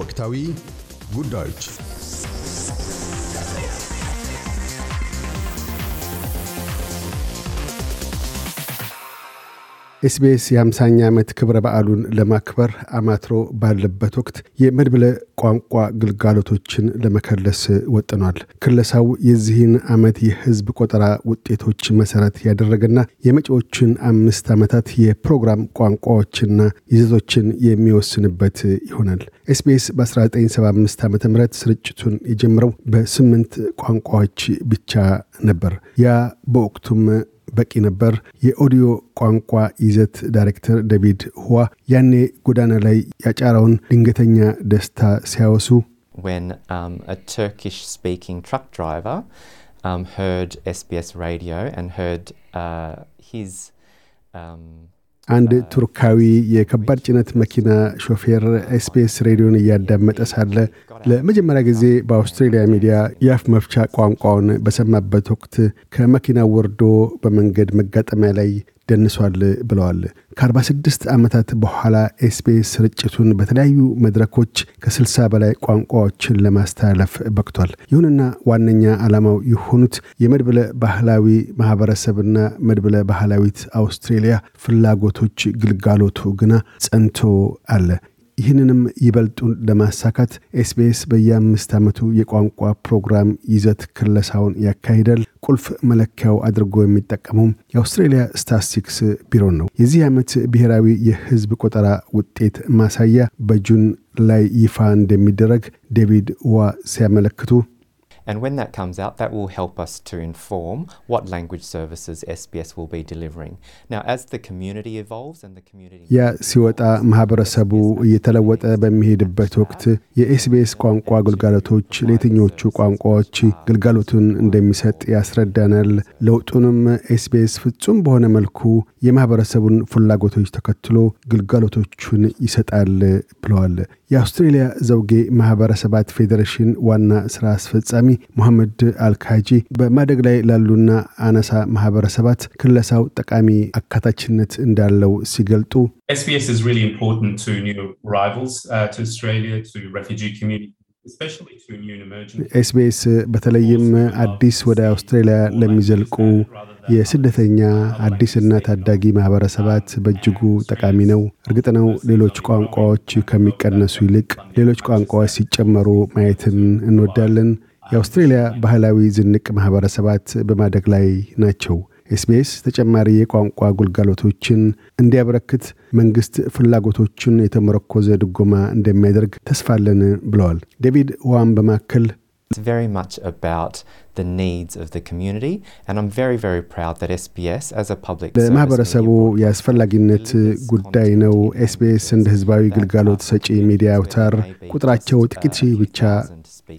ወቅታዊ ጉዳዮች ኤስቢኤስ የአምሳኛ ዓመት ክብረ በዓሉን ለማክበር አማትሮ ባለበት ወቅት የመድብለ ቋንቋ ግልጋሎቶችን ለመከለስ ወጥኗል። ክለሳው የዚህን ዓመት የህዝብ ቆጠራ ውጤቶች መሠረት ያደረገና የመጪዎችን አምስት ዓመታት የፕሮግራም ቋንቋዎችና ይዘቶችን የሚወስንበት ይሆናል። ኤስቢኤስ በ1975 ዓ ም ስርጭቱን የጀመረው በስምንት ቋንቋዎች ብቻ ነበር። ያ በወቅቱም በቂ ነበር። የኦዲዮ ቋንቋ ይዘት ዳይሬክተር ዴቪድ ሁዋ ያኔ ጎዳና ላይ ያጫራውን ድንገተኛ ደስታ ሲያወሱ when um, a Turkish speaking truck driver um, heard SBS radio and heard uh, his. Um, አንድ ቱርካዊ የከባድ ጭነት መኪና ሾፌር ኤስፔስ ሬዲዮን እያዳመጠ ሳለ ለመጀመሪያ ጊዜ በአውስትሬልያ ሚዲያ የአፍ መፍቻ ቋንቋውን በሰማበት ወቅት ከመኪናው ወርዶ በመንገድ መጋጠሚያ ላይ ደንሷል ብለዋል። ከ46 ዓመታት በኋላ ኤስቢኤስ ስርጭቱን በተለያዩ መድረኮች ከ60 በላይ ቋንቋዎችን ለማስተላለፍ በቅቷል። ይሁንና ዋነኛ ዓላማው የሆኑት የመድብለ ባህላዊ ማህበረሰብና መድብለ ባህላዊት አውስትሬሊያ ፍላጎቶች ግልጋሎቱ ግና ጸንቶ አለ። ይህንንም ይበልጡን ለማሳካት ኤስቢኤስ በየአምስት ዓመቱ የቋንቋ ፕሮግራም ይዘት ክለሳውን ያካሂዳል። ቁልፍ መለኪያው አድርጎ የሚጠቀሙም የአውስትሬሊያ ስታስቲክስ ቢሮ ነው። የዚህ ዓመት ብሔራዊ የህዝብ ቆጠራ ውጤት ማሳያ በጁን ላይ ይፋ እንደሚደረግ ዴቪድ ዋ ሲያመለክቱ And when that comes out, that will help us to inform what language services SBS will be delivering. Now, as the community evolves and the community. Yeah, Siwata Mahabara Sabu, Yetalawata Bemhid Betokte, SBS Kwankwa Gulgalatuch, Litin Yuchu Kwankwachi, Gulgalutun, Demiset, Yasred Danel, Lotunum, SBS Futum Bonamelku, Yamabara Sabun, Fulagotuch Takatulo, Gulgalutuchun, Yset Al Australia የአውስትሬልያ ዘውጌ ማህበረሰባት ፌዴሬሽን ዋና ስራ አስፈጻሚ ሙሐመድ አልካጂ በማደግ ላይ ላሉና አነሳ ማህበረሰባት ክለሳው ጠቃሚ አካታችነት እንዳለው ሲገልጡ SBS ኤስቢኤስ uh, በተለይም አዲስ ወደ አውስትራሊያ ለሚዘልቁ የስደተኛ አዲስና ታዳጊ ማህበረሰባት በእጅጉ ጠቃሚ ነው። እርግጥ ነው ሌሎች ቋንቋዎች ከሚቀነሱ ይልቅ ሌሎች ቋንቋዎች ሲጨመሩ ማየትን እንወዳለን። የአውስትሬልያ ባህላዊ ዝንቅ ማኅበረሰባት በማደግ ላይ ናቸው። ኤስቢኤስ ተጨማሪ የቋንቋ ጉልጋሎቶችን እንዲያበረክት መንግሥት ፍላጎቶችን የተመረኮዘ ድጎማ እንደሚያደርግ ተስፋለን ብለዋል። ዴቪድ ዋም በማከል It's very much about the needs of the community, and I'm very, very proud that SBS as a public የአስፈላጊነት ጉዳይ ነው። ኤስቢኤስ እንደ ህዝባዊ ግልጋሎት ሰጪ ሚዲያ አውታር ቁጥራቸው ጥቂት ብቻ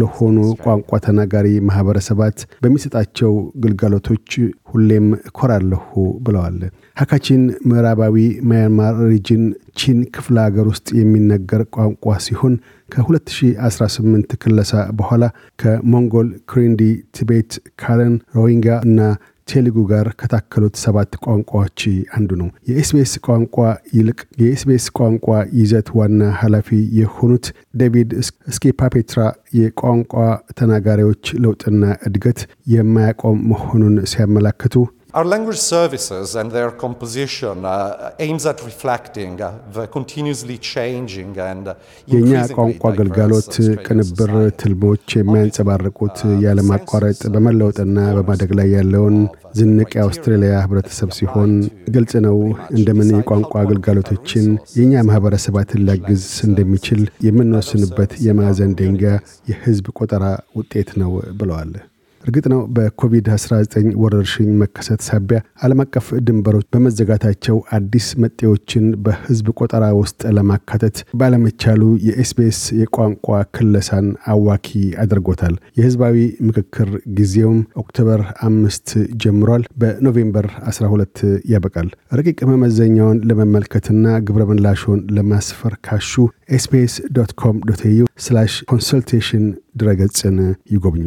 ለሆኑ ቋንቋ ተናጋሪ ማህበረሰባት በሚሰጣቸው ግልጋሎቶች ሁሌም እኮራለሁ ብለዋል። ሀካቺን ምዕራባዊ ማያንማር ሪጅን ቺን ክፍለ ሀገር ውስጥ የሚነገር ቋንቋ ሲሆን ከ2018 ክለሳ በኋላ ከሞንጎል፣ ክሪንዲ፣ ቲቤት፣ ካረን፣ ሮሂንጋ እና ቴሉጉ ጋር ከታከሉት ሰባት ቋንቋዎች አንዱ ነው። የኤስቤስ ቋንቋ ይልቅ የኤስቤስ ቋንቋ ይዘት ዋና ኃላፊ የሆኑት ዴቪድ ስኪፓፔትራ የቋንቋ ተናጋሪዎች ለውጥና እድገት የማያቆም መሆኑን ሲያመላክቱ Our language services and their composition uh, aims at reflecting uh, the continuously changing and uh, የእኛ ቋንቋ አገልጋሎት ቅንብር ትልሞች የሚያንጸባርቁት uh, ያለማቋረጥ በመለወጥና በማደግ ላይ ያለውን ዝንቅ የአውስትራሊያ ህብረተሰብ ሲሆን ግልጽ ነው እንደምን የቋንቋ አገልጋሎቶችን የእኛ ማህበረሰባትን ላግዝ እንደሚችል የምንወስንበት የማዕዘን ደንጋ የህዝብ ቆጠራ ውጤት ነው ብለዋል። እርግጥ ነው በኮቪድ-19 ወረርሽኝ መከሰት ሳቢያ ዓለም አቀፍ ድንበሮች በመዘጋታቸው አዲስ መጤዎችን በህዝብ ቆጠራ ውስጥ ለማካተት ባለመቻሉ የኤስቢኤስ የቋንቋ ክለሳን አዋኪ አድርጎታል። የህዝባዊ ምክክር ጊዜውም ኦክቶበር አምስት ጀምሯል። በኖቬምበር 12 ያበቃል። ረቂቅ መመዘኛውን ለመመልከትና ግብረ ምላሹን ለማስፈር ካሹ ኤስቢኤስ ዶት ኮም ዩ ኮንሰልቴሽን ድረገጽን ይጎብኙ።